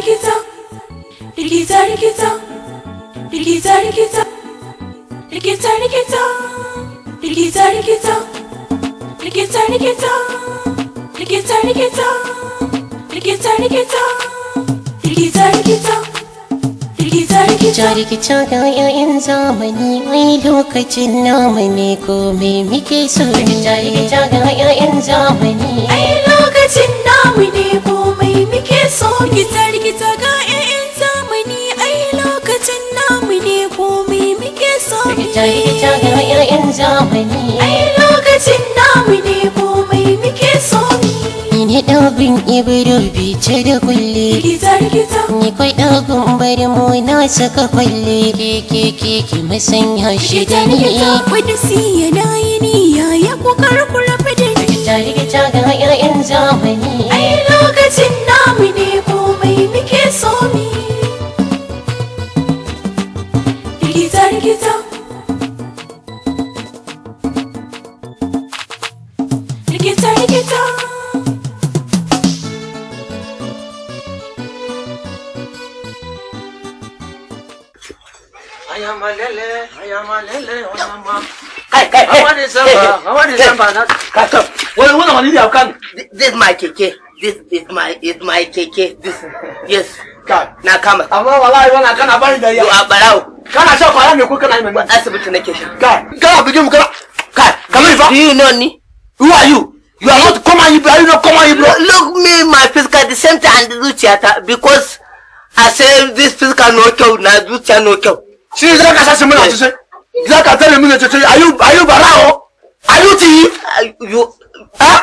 likita likita likita likita likita likita likita likita likita likita likita likita likita likita likita likita likita da zamani wai lokacin nama ne ko me muke so Rikice-rikice da zamani ai lokacin namu ne ko mai muke so gitar gita ga 'ya'yan zamani ai lokacin namu ne ko mai muke so gita gita ga 'ya'yan zamani ai lokacin namu ne ko mai muke so ne ɗaubin ibiru ce da kulle ni kwai ɗaubin bari mu na saka kwalle keke keke masanya shi da ni wani siya na yi ni yaya ku karkura fadin gita gita ga 'ya'yan zamani Hey, I want December. Catch up. Well, what are you doing? This is my keke. This is my is my KK. This yes. come now. Na kama. Amma wallahi wannan kana bari da yau. A barau. Kana shan kwaya ne ko kana yin mai? Asibiti nake shan. Kai. Come, come, mu kana. Come, come. Do You know me? Who are you? You are not come and you are you not come and you Look me my physical the same time and do theater because I say this physical no kill do theater no kill. Shi zaka sasa mun a tusa can tell me to are you are you barao? Are you T? You eh?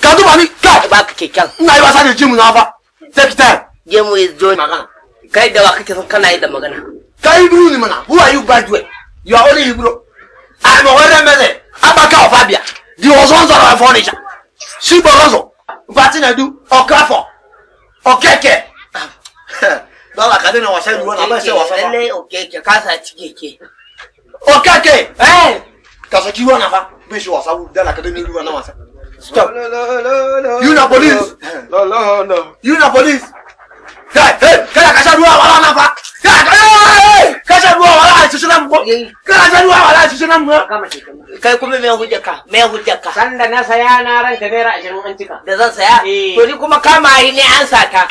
Can do money? Ka. Ba kike kan. Ina yi wasa da jimu na Take time. Jimu is joy magana. Kai da wa kake son can? yi da magana. Kai you ni mana. Who are you bad way? You are only Hebrew. I'm a Warren Mele. Abaka of Abia. The Ozons of our furniture. Super Shiborozo. Batina do. Okafor. Okeke. Dala ah. kadina wasa ruwa na ba sai wasa. Lalle okeke ka sa cike ke. okake eh ka saki wannan fa bin shi wasa dala ka dani ruwa na wasa stop you na police no no no you na police kai hey kada ka sha ruwa wala na fa kai ka sha ruwa wala a cikin nan ko ka sha ruwa wala a cikin nan ko kai kuma me hujja ka me hujja ka sanda na saya na ran ta naira 20 an cika da zan saya to eh. ni kuma kama yi ne an sata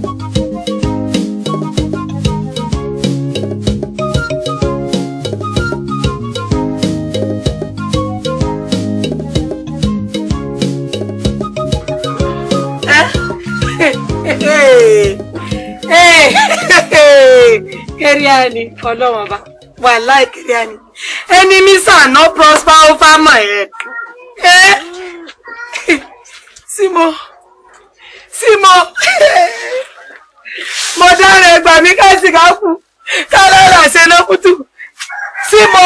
kẹ́ríàní ọlọ́run ọba wàláì kẹ́ríàní ẹni mísà no prosper over my head. símọ símọ mo dára ẹgbà mi ká sì ká kú ká lọ́ra ṣe lókùtù símọ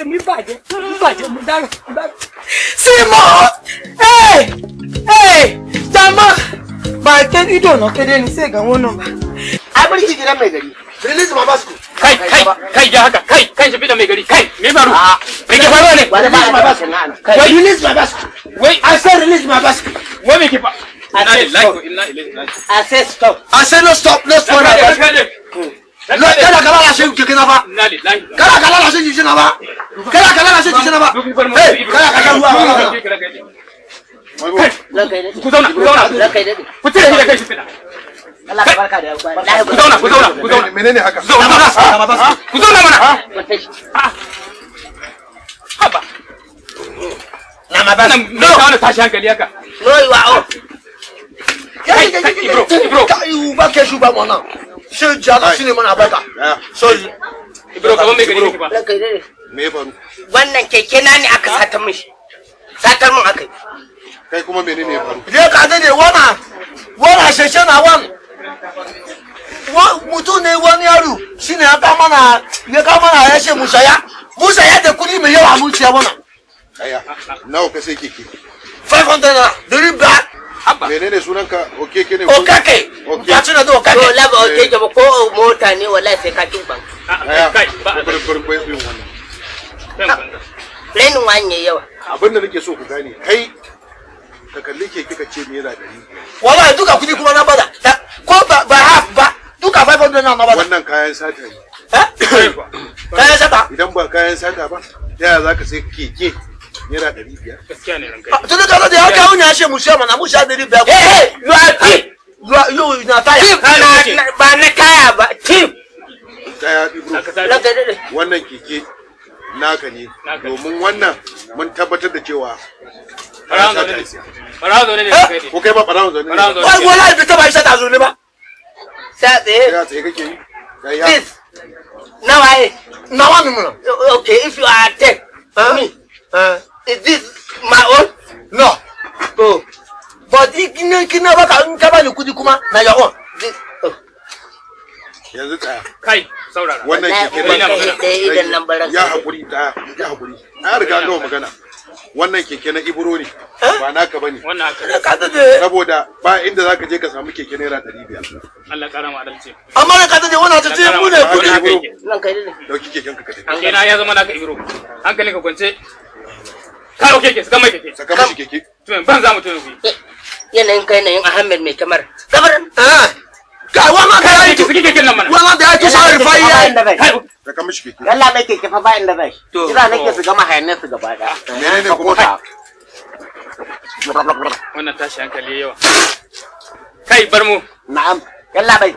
èmi bàjẹ́ èmi bàjẹ́ mo dára símọ jama. bakin ido na kai ni sai ga wannan ba ai barki gidan mai gari release ma kai kai kai ja haka kai kai shi fita mai gari kai me faru me ke ne wani ba ma wai release ma wai release ma wai me ke fa I say stop. I say no stop, no stop. No, kala la shi kike na ba. kala la shi kike na ba. kala la shi kike na ba. Hey, kala ku zauna ku zauna ku tare shi da kai shi fina ku zauna mana haba na ma ba nan no wani tashi hankali haka no wa o kai kai ibro ibro kai u ba ke shuba mo shi jala shi ne mana barka so ibro ka mai gari ba me faru wannan keke na ne aka sata mishi satar mun aka kai kuma menene ya faru je ka ga ne wana wana sheshe na wan mutu ne wani yaro shine ya ka mana ya ka mana ya ce musaya musaya da kuɗi mai yawa zuciya wannan aya nawa ka sai keke 500 naira dari ba menene sunanka okeke ne okake ya tuna da okake to laba okeke ba ko mota ne wallahi sai ka ban. tuban kai ba ko ba wannan plain wanye yawa abin da nake so ku gane kai ka kalli ke kika ce naira ɗari wallahi duka kuɗi kuma na bada ko ba ba half ba duka 500 na bada wannan kayan sata ne eh? kayan sata idan ba kayan sata ba yaya za ka sai keke naira ɗari biyar gaskiya ne ranka ah, tun da kaza da ya kawo ni a ce mu sha mana mu sha ɗari biyar eh you are thief you na taya ba na kaya ba thief kaya ibro wannan keke naka ne domin wannan mun tabbatar da cewa Ọ̀rọ̀ àwọn ọ̀dọ́ nílé. Ọ̀rọ̀ àwọn ọ̀dọ́ nílé. Kò kẹ́ bá ọ̀rọ̀ àwọn ọ̀dọ́ nílé. Wọ́n wọlé ibi tó máa ń ṣàtà zùn ní bá. Ṣé Okay, if you are me, uh, is this my own? No. Oh. But kini kini ọba ka nka ba lukudi kuma na your own. Yanzu tsaya. Kai, saurara. Wannan kike ba. Ya haƙuri ta, ya haƙuri. Na riga an gama magana. wannan keke na ibro ne eh? ba naka bane saboda ba inda zaka je ka samu keke naira Allah kara ma adalci amma wannan tace mu ne kudi nan kai ne dauki keken ka ya zama naka ibro hankali ka kwance ka dauke keke saka mai keke saka keke to ban za mu eh, yanayin kai yin Ahmed mai kamar kamar eh. kai wannan da yake suke keken nan mana wannan da yake sa rufai yayi da ka mishi keke yalla mai keke fa ba inda zai kira nake su gama hayanne su gaba da ne ne ko ta wannan tashi hankali yawa kai bar mu na'am yalla bai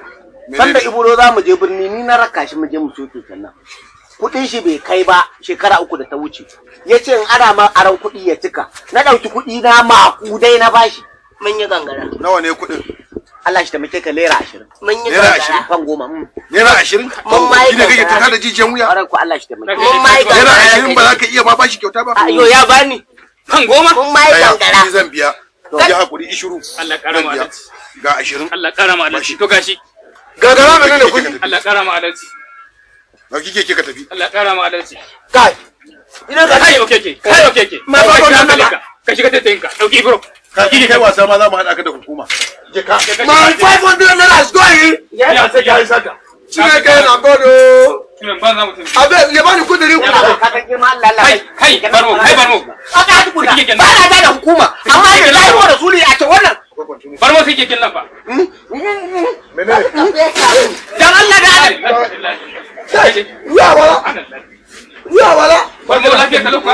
sanda iburo za mu je birni ni na raka shi mu je mu soke sannan kudin shi bai kai ba shekara uku da ta wuce ya ce in ana ma aran kuɗi ya cika na ɗauki kuɗi na maƙudai na bashi mun yi gangara nawa ne kuɗin Allah shi da muke ka naira 20. Mun yi naira ashirin. Kwan goma. Mm. Naira 20? Mun ma yi gaggara. ta da tada jijiyan wuya. Ƙwarar ku Allah shi da muke. Mun ma yi gaggara. Naira ashirin ba za ka iya ba bashi kyauta ba. Ayo ya bani. Kan goma. Mun ma yi gaggara. Ni zan biya. Ya hakuri ishuru. Allah karama alati. Ga 20. Allah karama alati. To gashi. Ga Gagara mai ne kudi. Allah karama alati. Ba kike ke ka tafi. Allah karama alati. Kai. Ina ga kai okeke. Kai okeke. Ma ba ba ka. Ka shiga tattayinka. Dauki bro. kaki ne kai wasa ma za mu haɗa ka da hukuma. My 500 naira is going. Ya sai ya saka. Cire kai na godo. Abe ya bani kudiri kuna. Kai kai bar kai bar Aka haɗu kuna. Ba na da da hukuma. Amma da zai mu da su ne a ce wannan. Bar mu kike kin nan hmm? Menene? Dan Allah da Allah. Sai. Ruwa wala. Ruwa wala. Bar lafiya kalukwa.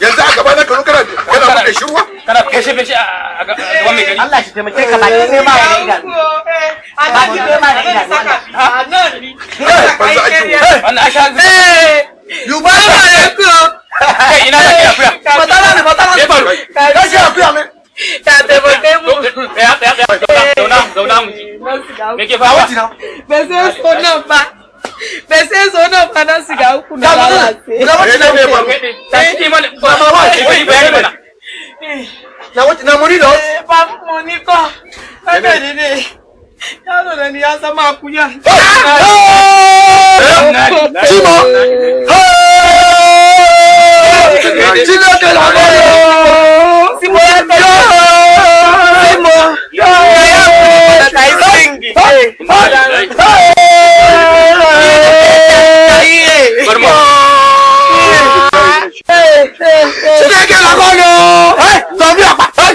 yanzu a gaba na kanu kana kana bude shirwa kana feshe feshe a gaban mai gari Allah shi taimake ka baki sai ma da idanu baki sai ma da idanu wannan ni a ciwo wannan asha eh yuba ba ya ku kai ina ka ya fuya matala ne matala ne ka shi ya fuya ne ta taimake mu ya ya ya zauna zauna mu me fa fawa ba sai so nan ba pese zo na fana siga huku na lalace na muni lo ba muni ko ebe ni ne yaro na ni ya sama akuya timo timo ke la ba timo ya ta timo ya ya ta isingi Barmo. Sike lakolo. Zomi apa.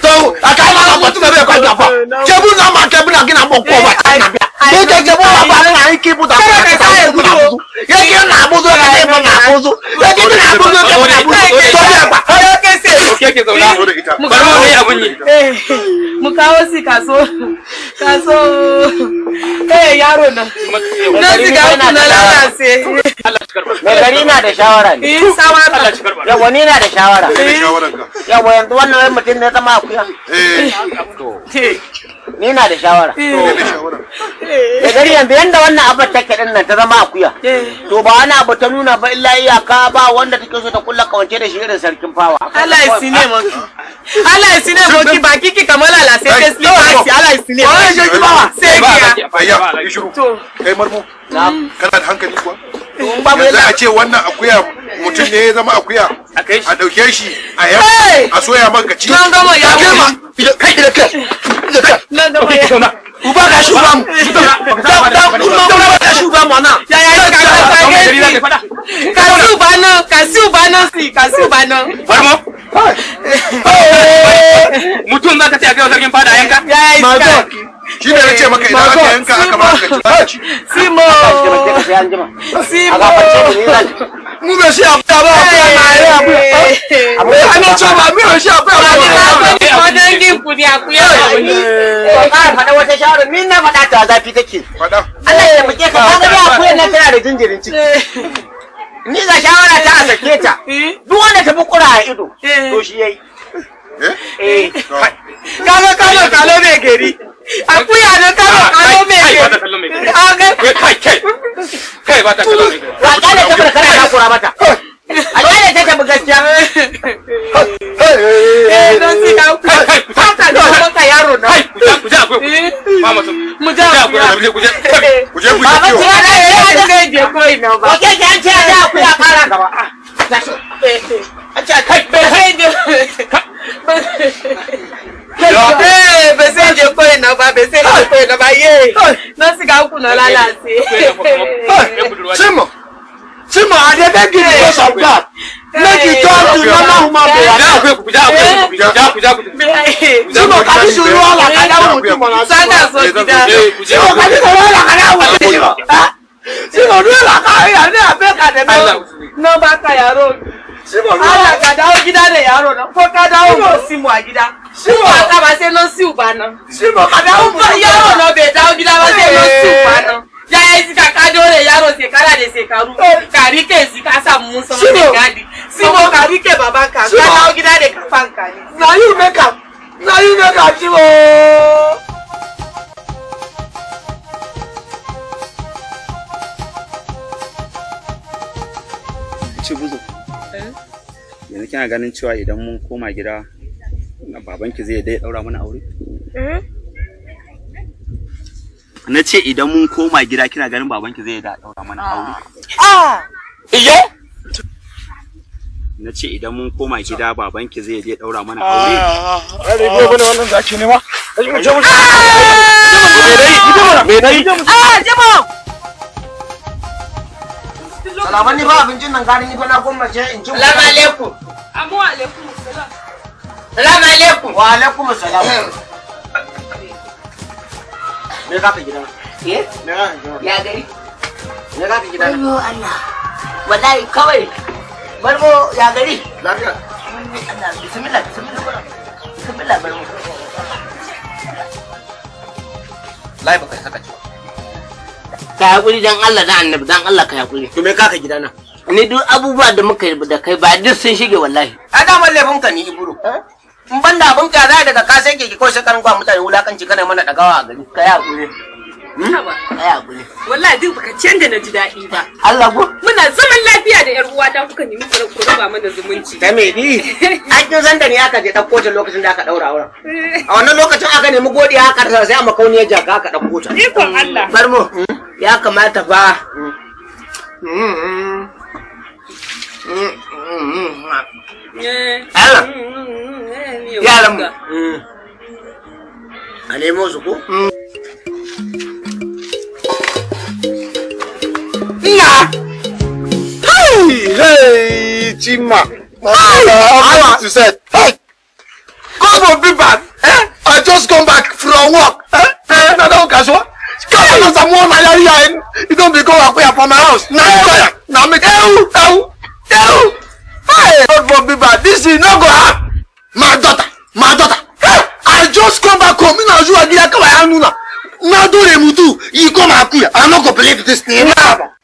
So akai mala ko tu bebe ko ju apa. Jebu na ma kebu na gina mo ko wa ta na bia. Mo je jebu wa ba na ni ki buta. Ye ki na buzo na ni mo na buzo. Ye ki na buzo ke mo na buzo. gaske ke zauna eh, eh, mu kawo ne abun yi mu kawo si kaso kaso eh yaro nan na shiga na lalace gari na da shawara ne eh, na da shawara yanzu wannan wai mutum ne zama akuya eh ni na da shawara eh. eh. da gari yanzu yanda wannan abar take din nan ta zama akuya eh. to ba wani abu ta nuna ba illa iyaka ba wanda take so ta kulla kawance da shi irin sarkin fawa Allah ya sine mu Allah ya sine mu ki baki ki kamar ala sai ta sine mu Allah ya sine mu wai je ki sai ki ya ya shiru kai marmu kana da hankali kuwa za a ce wannan akuya mutum ne ya zama akuya a dauke shi a yau a soya maka ci. Kai da kai. da kai ok zauna uba ka shuba mu da kuma uba ka shuba mu nan ya ya ka ka ka ka shuba nan ka shuba ya ya shi ne ce maka idan aka yanka aka ba ka ci simo simo mu be shi abuya ba abuya na ayi abuya abuya ana ce ba mu be shi abuya ba ne ba ne dangin ku ne akuya ba ne ba faɗa wata shawara ni na faɗa ta zafi take faɗa Allah ya muke ka ka ga akuya na tana da jinjirin ciki ni ga shawara ta a sake ta duk wanda ta bi kura a ido to shi yayi eh, eh kaga kaga kalo ne gari akuya na karo karo mai kai ba ta kallon me kai kai kai kai ba ta kallon mai ba kare ta barkara na kura mata a kare ta gaskiya eh don si ka ku da kuma ka yaro na ku ja ku mama su mu ja ku ku je ku je ku je ku je ba ba ta ga je ko ina ba ke ke an ce ja ku ya fara gaba a ce kai bai kai ee bese je ko inaba bese je ko inaba ye nọọsì ká kùnà lálẹ́ àti. símọ̀ símọ̀ àdébẹ́gì ni wọ́n sọ gbà méjì tó ń dùn lọ́nà àwọn ọmọ bẹ̀rẹ̀ àná. símọ̀ kájú sùúrù ọ̀là kájà wò ó ti mọ̀ náà. sọ́dà sọ dídá. símọ̀ kájú sùúrù ọ̀là kájà wò ó ti mọ̀. símọ̀ ọdún ọ̀là kájà ní àbẹ́kàdé náà. nọ́ọ̀bà káyà róòdù. Ala ga dawo gida da yaro nan ko ka dawo ko si mu a gida. Shi ba ka ba sai non si uba nan. Shi ba ka dawo ba yaro nan bai dawo gida ba sai non si uba nan. Ya yi zika ka dole yaro shekara da shekaru ka rike shi ka samu musa mai gadi. Si mo ka rike babanka ka dawo gida da kafanka ne. Na you make up. Na you make up shi ganin cewa idan mun koma gida babanki zai dai daura mana aure? Na ce idan mun koma gida kina ganin babanki zai da daura mana aure? Ah! Iyo? Na ce idan mun koma gida babanki zai dai daura mana aure? Ah! Rarrabe bane wannan zaki ne ma? Ah! Ah! Ah! Ah! Ah! Ah! Ah! Ah! Ah! Ah, Ah! Alaban ni ba abincin nan gani ni in ci. alaikum. Amu alaikum alaikum. Wa alaikum salaam. Me ka gidan? Eh? Me ka gidan? Eh? Ya gari. Me ka gidan? Ayyo Allah. Wallahi kawai. Barko ya gari. Lafiya. bismillah bismillah. Bismillah Lai baka saka ciwo. ka haƙuri dan Allah da annabi dan Allah ka haƙuri to me kaka gidana ni duk abubuwa da muka yi da kai ba duk sun shige wallahi a da malle laifin ka ni iburo in banda da ka za daga ka sai ke ko sai karin kwa mutane wulakanci kana mana dagawa a gari ka yi haƙuri Haba. Wallahi duk baka canza na ji daɗi ba. Allah ko? Muna zaman lafiya da ƴar uwata kuka nemi ku raba mana zumunci. Da me di An kin san da ni aka je ɗauko ta lokacin da aka ɗaura auren. A wannan lokacin aka nemi godiya aka rasa sai a makauniyar jaka aka ɗauko ta. Ikon Allah. Mm. Ya kamata ba. Allah. Eh. Mm. Yaran mu. Mm. A nemo su ko? nna hey chima awa to set hey come on be back eh i just come back from work eh eh na don come on some more malaria in. you don't be go akuya from my house na fire na make ewu ewu ewu hey god for be back this thing no go happen ah. my daughter my daughter hey i just come back home ina zuwa gida kawai hannu na na dole mutu yi koma akuya i no go believe this thing.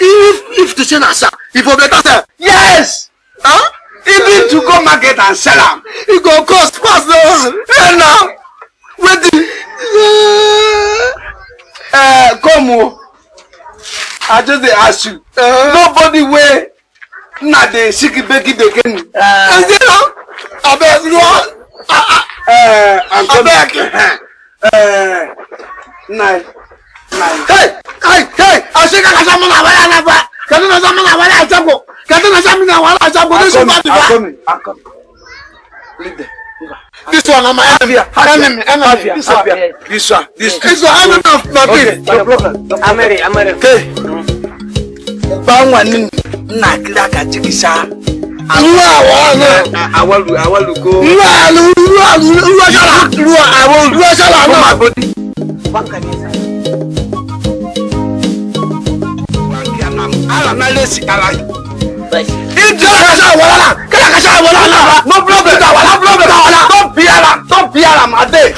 if if to say na sir e for better sell. yes huh? even to go market and sell am e go cost pass those hey, na wetin. Uh, eh, come o i just dey ask you uh, nobody wey na dey sick beki dey get me. Uh, is it no abeg you wan. Eh, abeg na ashika kasamuna wala nafa katuna samuna wala achapo katuna samuna wala achapo this one nafa this one am my enemy enemy enemy this one this one this this one enemy of my pain amere amere ke banwa ni na kira ka jikisa ruwa awa na awalu awalu ko ruwa alu ruwa alu ruwa shala ruwa awalu ruwa shala na banka ni ala na lesi ala ije kasha wala kala kasha wala la no problem da wala problem da wala don biara don biara ma dey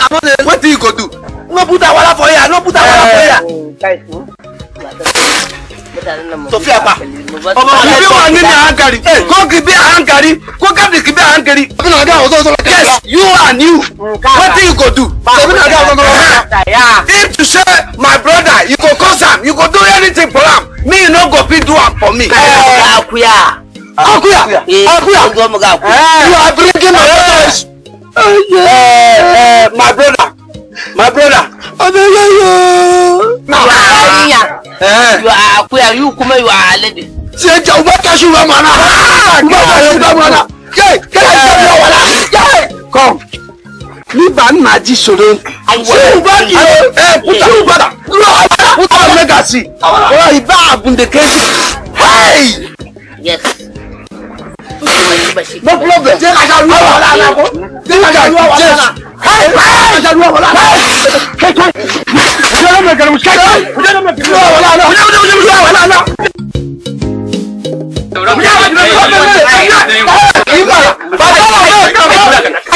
wetin you go do no put wala for here no put wala for here Sofia pa ọmọ ọmọ ibi wa ni ni ahankari ko kibi ahankari ko kadi kibi ahankari. ọmọ náà ọdún àwọn ọsọsọ you and you wetin you go do sebi if to say my brother you go cause am you go do anything for him. me you no go fit do am for me. akuya akuya akuya you are breaking my eh. promise eh, eh, my brother my brother. Adeyoyo. You are Aniya. Ah, you are Akuya. You kuma you are Alede. Ṣé jẹ́ o bá kẹ́sùn bá mọ̀ náà? O bá kẹ́sùn bá mọ̀ náà. Kẹ́ kẹ́ ẹ jẹ́ mi wà lá. Come. Liba nna ji soro. Shiuba ki eh puta. Shiuba da. Puta legacy. Ora iba abunde keji. Hey. No problem. Jẹ́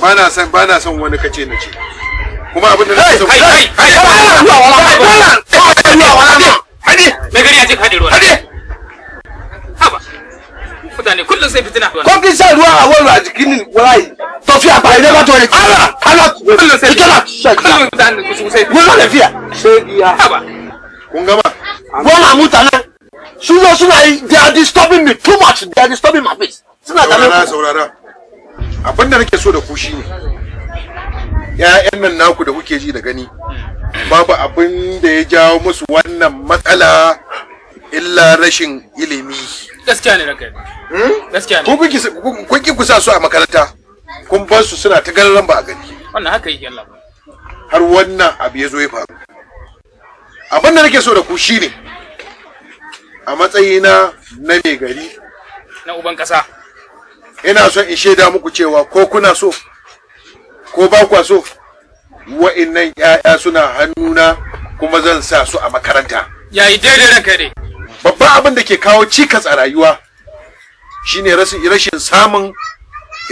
bana son bana son wani kace na ce kuma abin da nake so kai kai kai hadi me gari ya ce hadi ruwa hadi haba fitina ko kin sha ruwa a a jikin wallahi to fiya ba idan ba to ne ala ala yi they my peace suna da saurara saurara abin da nake so da ku shine ƴaƴan nan naku da kuke ji da gani babu abin da ya jawo musu wannan matsala illa rashin ilimi gaskiya ne ranka hmm? gaskiya ne kun ki kusa su a makaranta kun bar su suna ta gararan ba a gani wannan haka yake Allah har wannan abu ya zo ya faru abin da nake so da ku shine a matsayina na mai gari na uban kasa ina so in shaida muku cewa ko kuna so ko ba kwa so wa'innan ‘ya'ya suna hannuna kuma zan sa su a makaranta. Yayi daidai ranka ne. Babban abin da ke kawo cikas a rayuwa shine rashin samun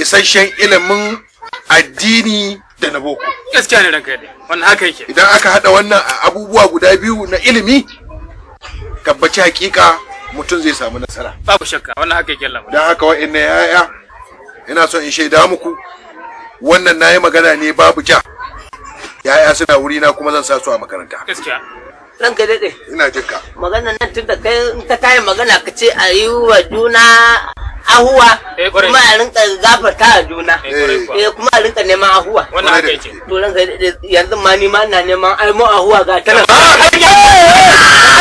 isasshen ilimin addini da na boko. Gaskiya ne ranka ne, wannan haka yake. Idan aka haɗa wannan abubuwa guda biyu na ilimi, tabbaci hakika mutum zai samu nasara babu shakka wannan haka yake lamarin dan haka wa'annan yaya ina son in shaida muku wannan nayi magana ne babu ja yaya suna wuri na kuma zan sa su a makaranta gaskiya nan ka daɗe ina jinka magana nan tun da kai in ka tayi magana ka ce a yi wa juna ahuwa eh, kuma a rinka gafarta a juna eh, eh kuma a rinka neman ahuwa wannan haka yake to nan ka daɗe yanzu ma ni ma ina neman ai mu ahuwa ga tana ah,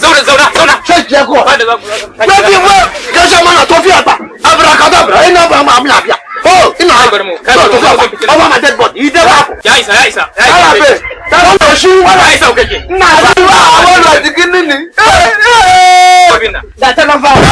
zauna zauna zauna sai je ko ba da za ku zabi wa gasha mana tofiya ba abra ka da bra ina ba ma amna biya oh ina ai bar mu kai to ka ba ba ma dead body ida ba ya isa ya isa ya isa be ta ba shi wala isa kake ina ba wa wala jikin ni eh eh da ta nan fa